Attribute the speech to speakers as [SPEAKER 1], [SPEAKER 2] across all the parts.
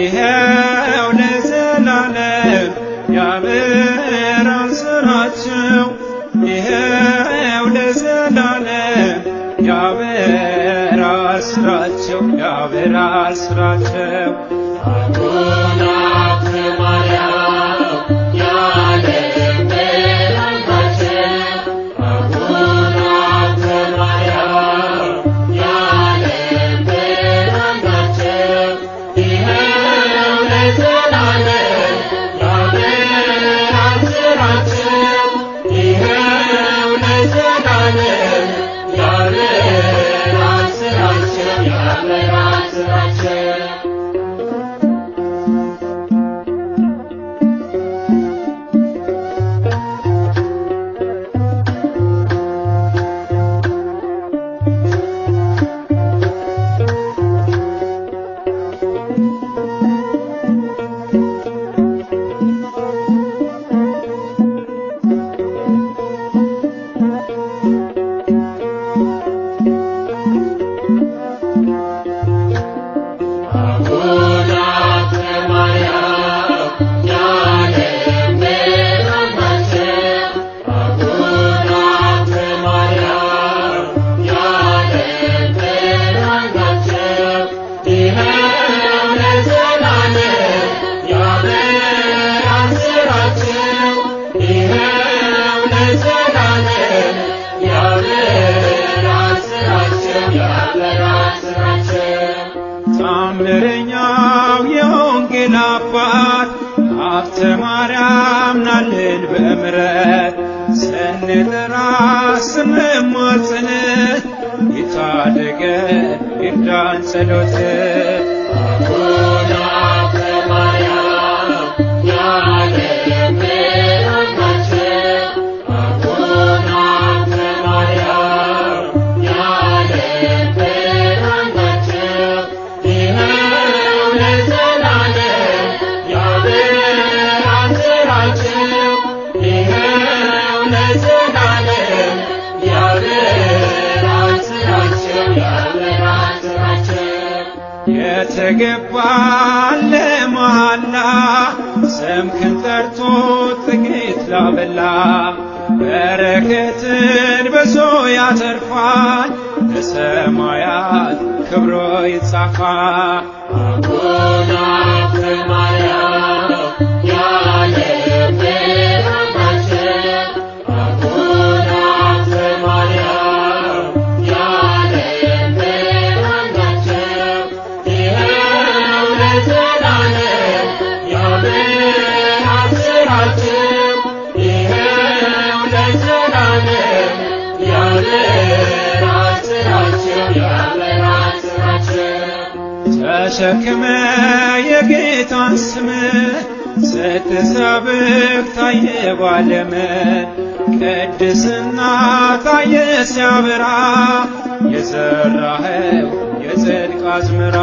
[SPEAKER 1] بها
[SPEAKER 2] ለራስ መማጽነ ይታደገ ይርዳን ጸሎት የተገባለ መሃላ ስምህን ጠርቶ ጥቂት ላበላ በረከትን በዞ ያተርፋል በሰማያት ክብሮ ይጻፋል
[SPEAKER 3] አቡነ ማርያም
[SPEAKER 2] ተሸክመ የጌታን ስም ስትሰብክ ታየ ባለመ ቅድስና ታየ ሲያበራ የዘራኸው የጽድቅ አዝመራ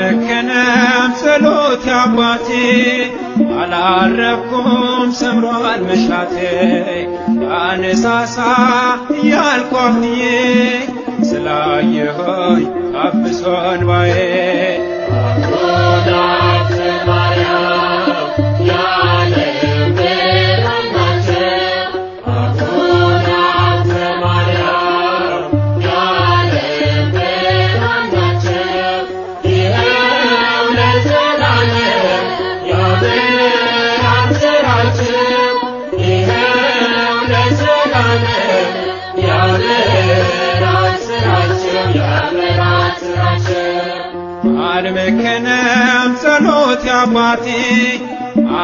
[SPEAKER 2] አልመከነም ጸሎት አባቴ አላረኩም ሰምሯል መሻቴ አነሳሳ እያልኳፍትዬ ስላየሆኝ አብሶን ባዬ አልጨክንም ጸሎት ያባቴ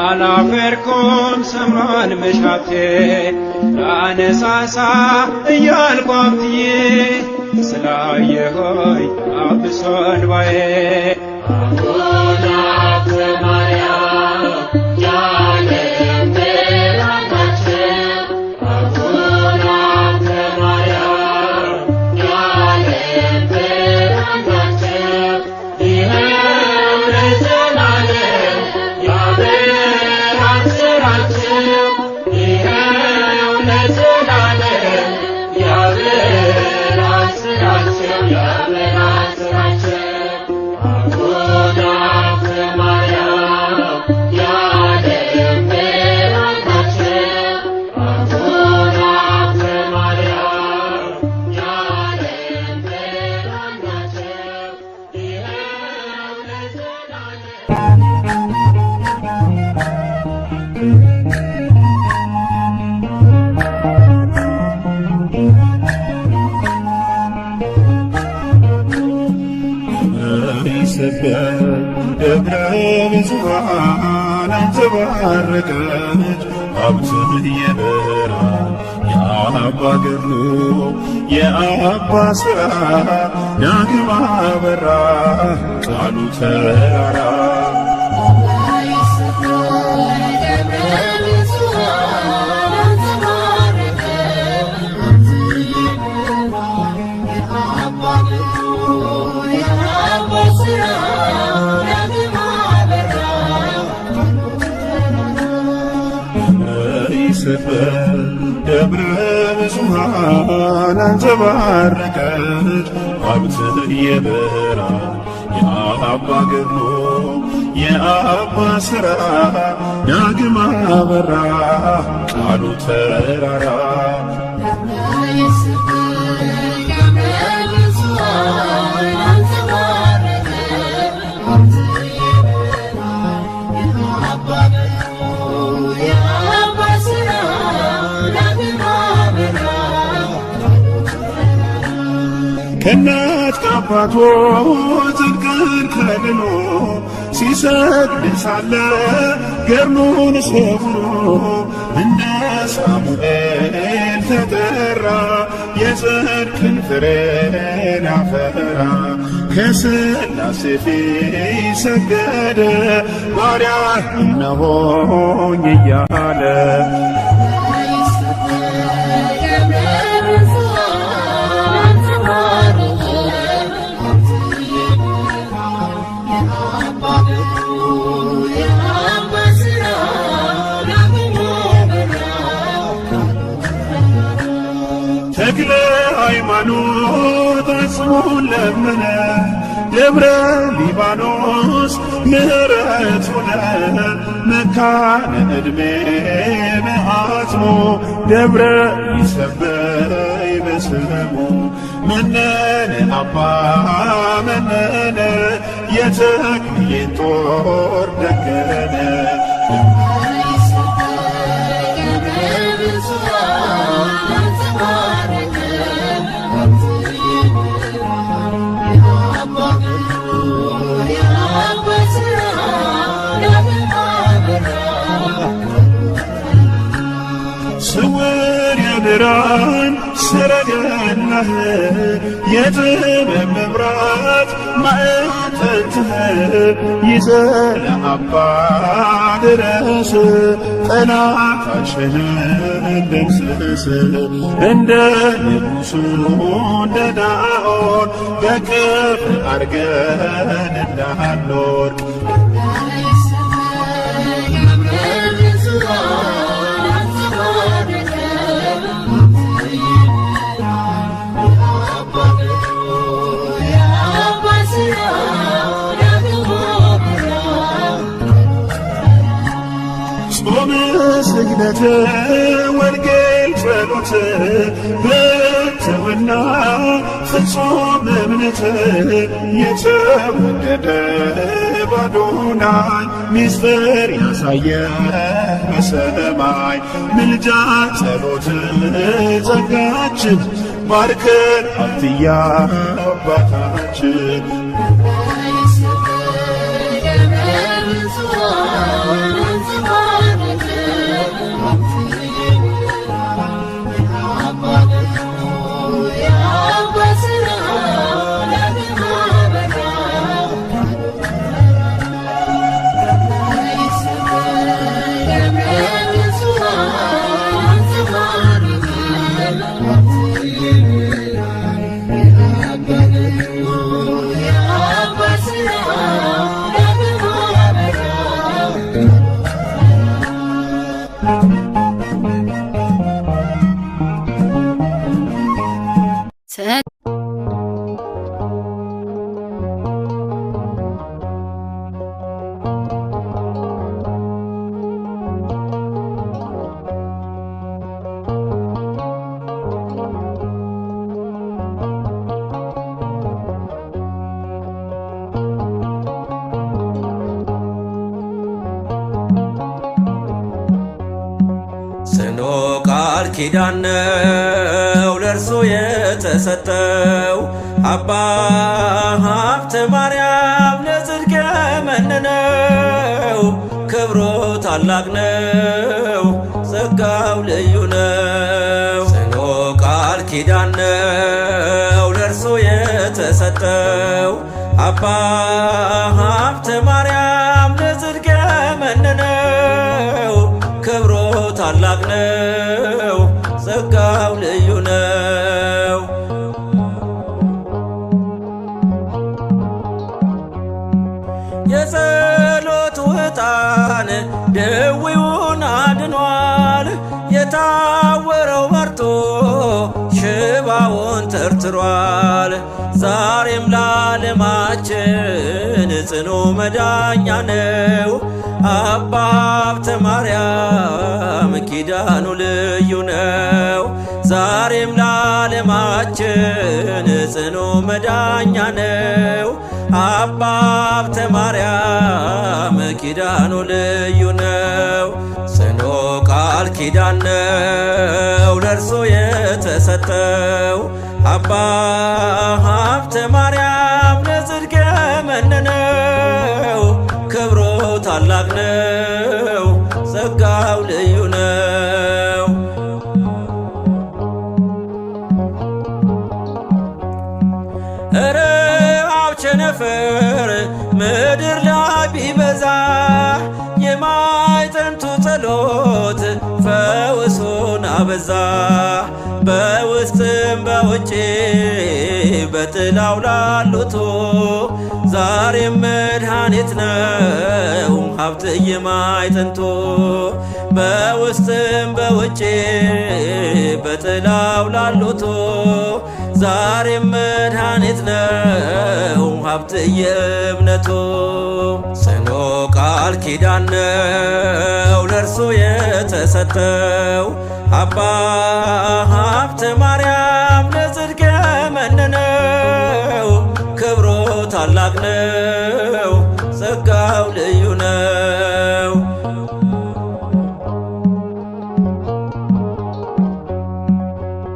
[SPEAKER 2] አላፈርኩም ሰማን መሻቴ ላነሳሳ እያልኩ አብትዬ ስላየሆይ አብሶ እንባዬ ተቀደሰበት ደብረ ንጹሐን ተባረከች። ሀብትህ የበራ የአባ ገር የአባ ሥራ ዳግም አበራ ቃሉ ተራራ
[SPEAKER 4] ያንጸባርቃል ሀብትህ የበራ የአባ ገድሎ የአባ ሥራ ዳግም አበራ ቃሉ ተራራ
[SPEAKER 2] ከእናት ከአባቶ ጽድቅን ከድኖ ሲሰድ ሳለ ገርሉን ሰውሮ እንደ ሳሙኤል ተጠራ የጽድቅን ፍሬን አፈራ። ከሥላሴ ፊት ሰገደ ባሪያ እነሆኝ እያለ ምህረቱን ለምነ ደብረ ሊባኖስ ምህረት ሆነ መካነ ዕድሜ መዓትሞ ደብረ ይሰበይ በስሙ መነነ አባ መነነ የተክሊን ጦር ደገነ ብርሃን ሰረገላህ የጥበብ መብራት ማዕጠንትህ ይዘህ ለአባ ድረስ ጠላታችንን ደምስስ እንደ ንጉሡ እንደ ዳኦን በክብር አድርገን እንዳንወድቅ ስብከት ወንጌል ጸሎት በትህትና ፍጹም እምነት የተወደደ ባዶናይ ምስጢር ያሳየ በሰማይ ምልጃ ጸሎት ጸጋችን ባርከን አትያ አባታችን ኪዳን ነው ለእርሶ የተሰጠው። አባ ሀብተ ማርያም ለጽድቅ የመነነው ክብሮ ታላቅ ነው፣ ጸጋው ልዩ ነው። ጽኖ ቃል ኪዳን ነው ለእርሶ የተሰጠው። አባ ሀብተ ማርያም ለጽድቅ የመነነው ክብሮ ታላቅ ነው ጸጋው ልዩ ነው። የጸሎት ውጣን ደዌውን አድኗል። የታወረው በርቶ ሽባውን ተርትሯል። ዛሬም ለዓለማችን ጽኑ መዳኛ ነው። አባ ሀብተ ማርያም ኪዳኑ ልዩ ነው። ዛሬም ለዓለማችን ጽኑ መዳኛ ነው። አባ ሀብተ ማርያም ኪዳኑ ልዩ ነው። ጽኑ ቃል ኪዳን ነው ለእርሶ የተሰጠው አባ ሀብተ ማርያም ለጽድቅ መነነው ታላቅ ነው፣ ጸጋው ልዩ ነው። እረ አብ ቸነፈር ምድር ላይ ቢበዛ የማይጠንቱ ጸሎት ፈውሶን አበዛ። በውስጥም በውጪ በጥላው ላሉ ዛሬ መድኃኒት ነው ሀብት ይማይ በውስጥም በውጭ በጥላው ላሉቶ ዛሬ መድኃኒት ነው ሀብት የእምነቶ ጽኖ ቃል ኪዳን ነው ለእርሱ የተሰጠው አባ ሀብተ ማርያም ታላቅ ነው፣ ጸጋው ልዩ ነው።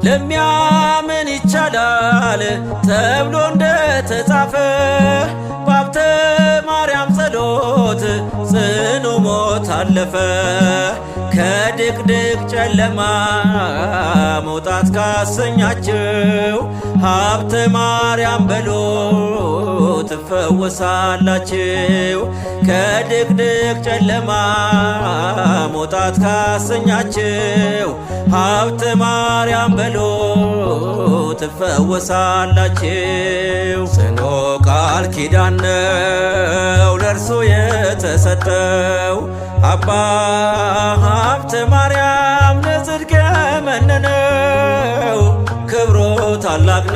[SPEAKER 2] ለሚያምን ይቻላል ተብሎ እንደተጻፈ በአብተ ማርያም ጸሎት ጽኑ ሞት አለፈ። ከድቅድቅ ጨለማ መውጣት ካሰኛችው ሀብተ ማርያም በሎ ትፈወሳላችሁ ከድቅድቅ ጨለማ መውጣት ካሰኛችሁ ሀብተ ማርያም በሎ ትፈወሳላችሁ ጽኖ ቃል ኪዳን ነው ለእርሱ የተሰጠው አባ ሀብተ ማርያም ታላቅ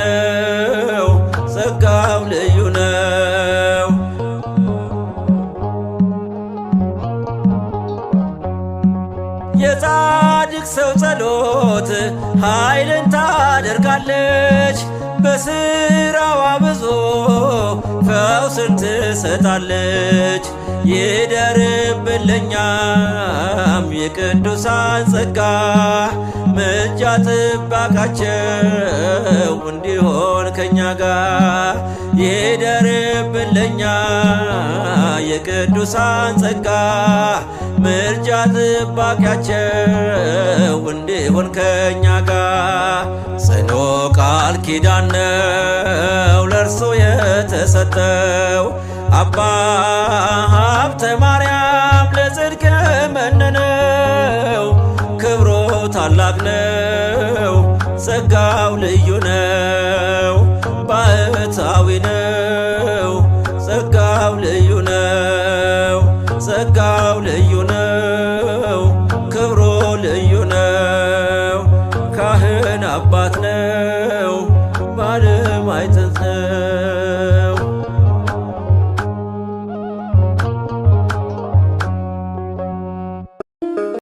[SPEAKER 2] ነው፣ ጸጋው ልዩ ነው። የጻድቅ ሰው ጸሎት ኃይልን ታደርጋለች፣ በስራዋ ብዙ ፈውስን ትሰጣለች። ይደርብልኛም የቅዱሳን ጸጋ ምልጃ ጥበቃቸው እንዲሆን ከኛ ጋር ይደርብልኛ የቅዱሳን ጸጋ ምልጃ ጥበቃቸው እንዲሆን ከኛ ጋር ጽኑ ቃል ኪዳን ነው ለእርሱ የተሰጠው አባ ሀብተ ማርያም ለጽድቅ መነነው፣ ክብሮ ታላቅ ነው፣ ጸጋው ልዩ ነው፣ ባህታዊ ነው፣ ጸጋው ልዩ ነው፣ ጸጋው ልዩ